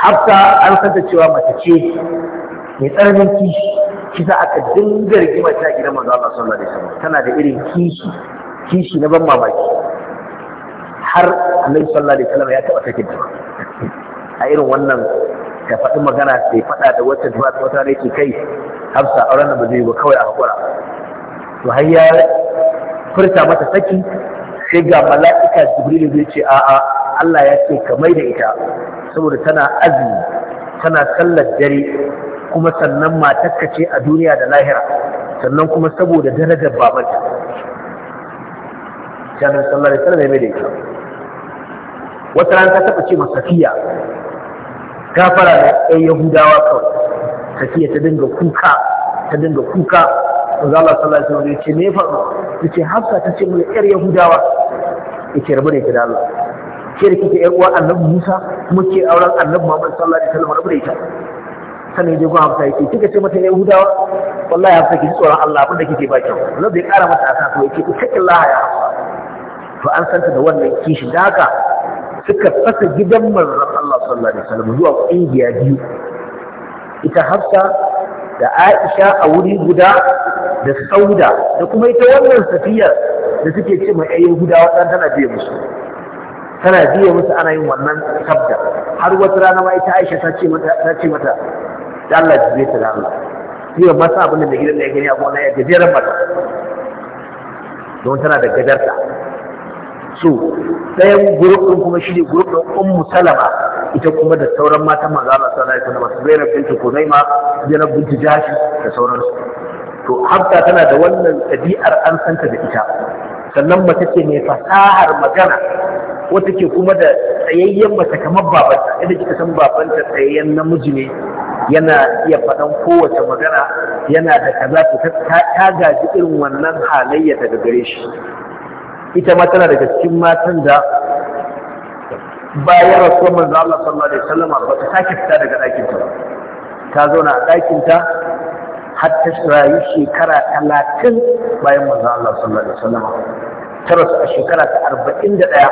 hafsa an santa cewa mace ce mai tsananin kishi kisa aka dinga rigima ta gidan manzo Allah sallallahu alaihi wasallam tana da irin kishi kishi na ban mamaki har annabi sallallahu alaihi wasallam ya taba sakin ta a irin wannan ta faɗi magana ta faɗa da wata ta wata ne ke kai hafsa auren da ba zai ba kawai a hakura to har ya furta mata saki sai ga mala'ika jibril zai ce a'a Allah ya ce ka mai da ita saboda tana azumi tana sallar dare kuma sannan matarka ce a duniya da lahira sannan kuma saboda darajar babanta Shanin sallar da sallar mai da ita wata rana ta taɓa ce ma safiya gafara da ɗan yahudawa kawai safiya ta dinga kuka ta dinga kuka manzo Allah sallallahu alaihi wasallam ya ce me ya ce yace hafsa ta ce mun ƴar yahudawa Ya ce rabu da ita da Allah ke da kike ƴar uwa annabi Musa kuma ke auren annabi Muhammad sallallahu alaihi wasallam rabu da ita sannan je gwa hafsa ce, kika ce mata yahudawa wallahi hafsa ki tsoron Allah abin da kike ba kyau Allah bai kara mata asa ko yake ku kake Allah ya hafsa to an santa da wannan kishi da haka suka fasa gidan manzon Allah sallallahu alaihi wasallam zuwa kungiya biyu ita Hafsa da Aisha a wuri guda da Sauda da kuma ita wannan Safiya da suke ce mai ayyuka guda wadan tana biye musu tana biye musu ana yin wannan sabda har wata rana ma ita Aisha ta ce mata ta ce mata da Allah ji ta da Allah sai masa abin da gidan da ya gani a wannan ya gajeren mata don tana da gadarta so ɗayan gurub ɗin kuma shi ne gurup ɗin ummu salama ita kuma da sauran mata matan manzo Allah masu alaihi wasallam Zainab ko Naima, Zainab binti Jashi da sauransu to hafta tana da wannan ɗabi'ar an santa da ita sannan mace ce mai fasahar magana wata ke kuma da tsayayyen mace kamar babanta idan kika san babanta tsayayyen namiji ne yana iya faɗan kowace magana yana da kaza ta gaji irin wannan halayya daga gare shi ita ma tana daga cikin matan da bayan rasuwar manzo Allah sallallahu alaihi wasallam ba ta sake fita daga ɗakinta. ta ta zauna a ɗakinta ta har ta rayu shekara talatin bayan manzo Allah sallallahu alaihi wasallam ta rasu a shekara ta arba'in da ɗaya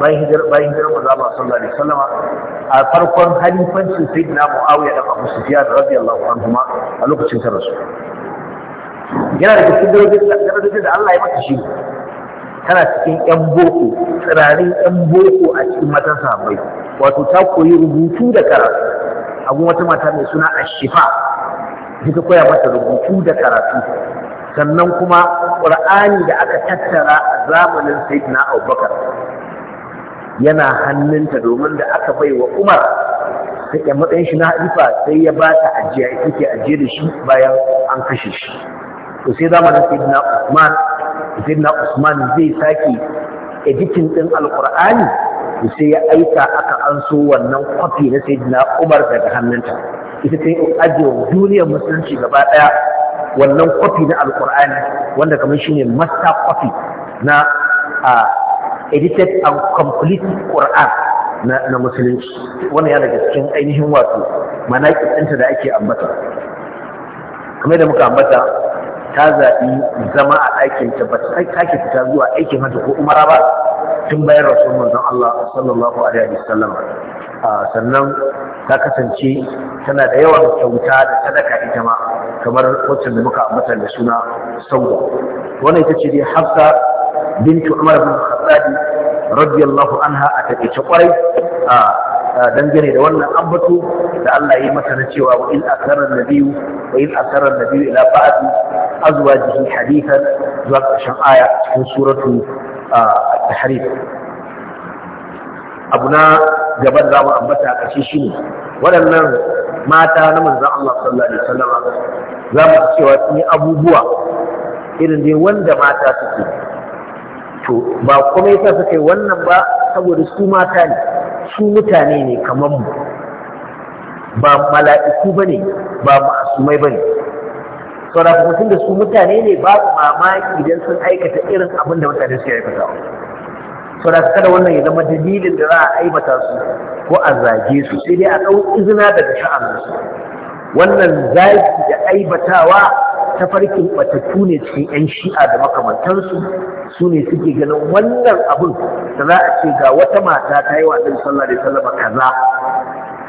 bayan hijirar bayan hijirar manzo Allah sallallahu alaihi wasallam a farkon halifancin sayyidina Muawiya da Abu Sufyan radiyallahu anhu a lokacin ta rasu yana da cikin darajojin da Allah ya mata shi tana cikin yan boko tsirarin yan boko a cikin matan sahabbai wato ta koyi rubutu da karatu a wata mata mai suna ashifa ita koya mata rubutu da karatu sannan kuma ƙur'ani da aka tattara a zamanin sayyidina abubakar yana hannunta domin da aka bai wa umar sai ya matsayin shi na halifa sai ya ba ta ajiya ita ke ajiye da shi bayan an kashe shi to sai zamanin sayyidina usman sayyidina Usman zai sake editin ɗin alkur'ani to sai ya aika aka anso wannan kwafi na sayyidina Umar daga hannunta ita sai wa duniyar musulunci gaba ɗaya, wannan kwafi na alkur'ani wanda kamar ne master kwafi na a edited and complete Qur'an na musulunci wannan ya daga cikin ainihin wato mana ɗinta da ake ambata kamar da muka ambata ta zaɓi zama a aikin ta ba ta sake fita zuwa aikin hajji ko umara ba tun bayan rasul manzon Allah sallallahu alaihi wasallam sannan ta kasance tana da yawan kyauta da sadaka ita ma kamar wacce da muka ambata da suna sauda wannan ita ce dai Hafsa bintu Umar bin Khattab radiyallahu anha a take kwarai dangane da wannan ambato da Allah yi masa na cewa wa in asarar nabiyu wa in asarar nabiyu ila ba'di azwajihi hadithan zuwa ƙarshen aya cikin suratu at-tahrim abu na gaban zamu ambata a ƙarshe shine waɗannan mata na manzon Allah sallallahu alaihi wasallam za mu cewa sun yi abubuwa irin dai wanda mata suke to ba kuma yasa suka wannan ba saboda su mata ne su mutane ne kamar mu ba mala'iku ba ne ba masumai ba ne sauraka mutum da su mutane ne ba mamaki idan sun aikata irin abin da mutane suke aikata sauraka kada wannan ya zama dalilin da za a aibata su ko a zage su sai dai a ɗau izina daga sha'aninsu wannan zagi da aibatawa tafarkin batattu ne cikin 'yan shi'a da makamantansu su ne suke ganin wannan abin da za a ce ga wata mata ta yi wa sallah da sallama kaza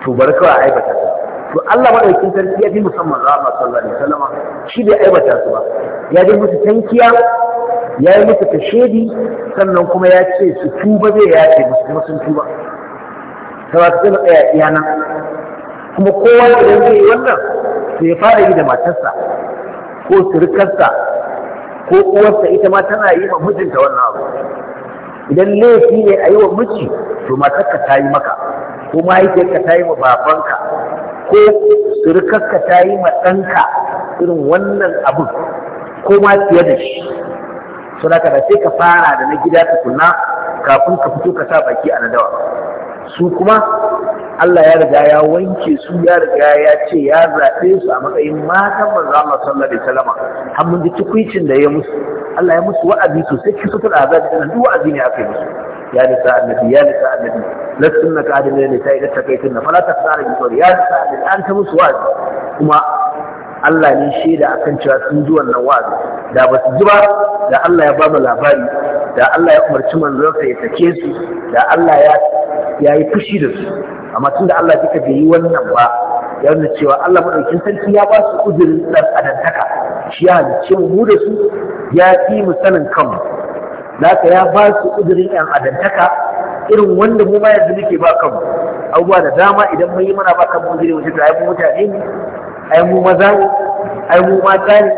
to bar kawai a aibata ta to Allah madaukin sarki ya fi musamman za a sallah da sallama shi bai aibata su ba ya yi musu tankiya ya yi musu kashedi sannan kuma ya ce su tuba zai ya ce musu kuma sun tuba ta ba su tsaya iya kuma kowa idan zai yi wannan sai ya fara yi da matarsa ko surukarsa ko uwarsa ita ma tana yi ma mijinta wannan abu idan laifi ne a yi wa miji to matarka ta yi maka ko mahaifiyarka ta yi ma babanka ko surukarka ta yi ma ɗanka irin wannan abin ko ma fiye da shi suna kada sai ka fara da na gida tukunna kafin ka fito ka sa baki a nadawa su kuma Allah ya riga ya wanke su ya riga ya ce ya zaɓe su a matsayin matan manzo Allah sallallahu alaihi wasallam har mun ji tukuicin da ya musu Allah ya musu wa'azi sosai kisatul azab da duk wa'azi ne aka yi musu ya nisa annabi ya nisa annabi la sunnaka adil la nisa idan takaitunna fala tasari bi ya nisa annabi an ta musu wa'azi kuma Allah ne shaida akan cewa sun ji wannan wa'azi da ba su ji ba da Allah ya ba mu labari da Allah ya umarci sa ya sake su da Allah ya ya yi fushi da su amma tunda Allah duka bai yi wannan ba ya nuna cewa Allah madaukin sarki ya ba su uzurin dan adantaka shi ya halicce mu da su ya fi mu sanin kanmu zaka ya ba su uzurin yan adantaka irin wanda mu ma yanzu muke ba kanmu abubuwa da dama idan mun yi mana ba kanmu uzuri mu ce to mutane ne ai mu maza ne ai mu mata ne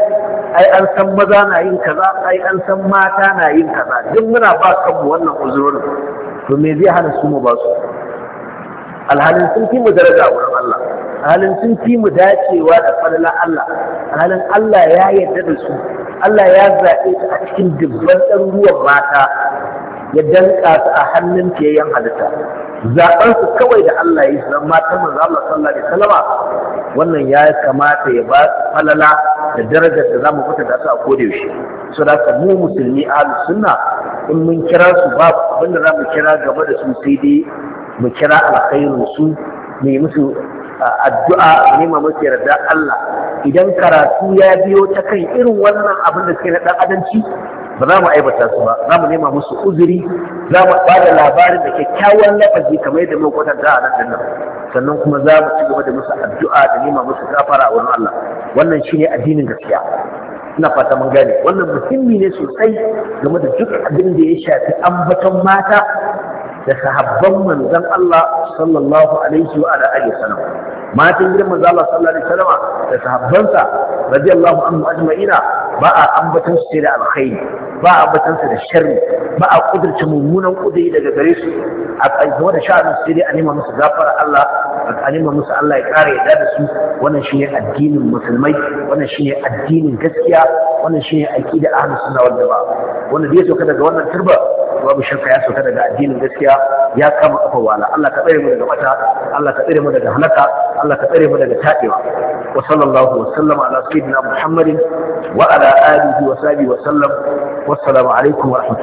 ai an san maza na yin kaza ai an san mata na yin kaza duk muna ba kanmu wannan uzurorin to me zai hana su mu ba su alhalin sun fi mu daraja a wurin Allah alhalin sun fi mu dacewa da fadlan Allah alhalin Allah ya yarda da su Allah ya zaɓe a cikin dubban ɗaruruwan mata ya danƙa su a hannun fiyayyen halitta zaɓensu kawai da Allah ya yi su matan manzo Allah sallallahu alaihi wasallama wannan ya kamata ya ba falala da darajar da zamu da su a koda yaushe so da ka mu musulmi ahlus sunna in mun kira su ba za zamu kira gaba da su sai dai mu kira alkhairin su mu yi musu addu'a nema musu yarda Allah idan karatu ya biyo ta kan irin wannan abin da suke na dan ba za mu aibata su ba za mu nema musu uzuri za mu ba da labarin da kyakkyawan lafazi kamar yadda muka kwatanta a da nan sannan kuma za mu ci gaba da musu addu'a da nema musu gafara a wurin Allah wannan shine addinin gaskiya ina fata mun gane wannan muhimmi ne sosai game da duk abin da ya shafi ambaton mata da sahabban manzon Allah sallallahu alaihi wa alihi wasallam matan gidan manzo Allah sallallahu alaihi wasallam da sahabbansa radiyallahu anhu ajma'ina ba a ambatan su da alkhairi ba a ambatan su da sharri ba a kudurci mummunan kudiri daga gare su a kaiwa da sha'anin su dai a nema musu gafara Allah a nema musu Allah ya kare ya da su wannan shine addinin musulmai wannan shine addinin gaskiya wannan shine aqida ahlus sunna wal jamaa wanda ya sauka daga wannan turba babu shakka ya sauka daga addinin gaskiya ya kama kafa wala Allah ka tsare mu daga mata Allah ka tsare mu daga halaka Allah ka tsare mu daga taɗewa wa sallallahu wa sallam ala sayyidina Muhammadin wa ala alihi wa sahbihi wa sallam wassalamu alaikum wa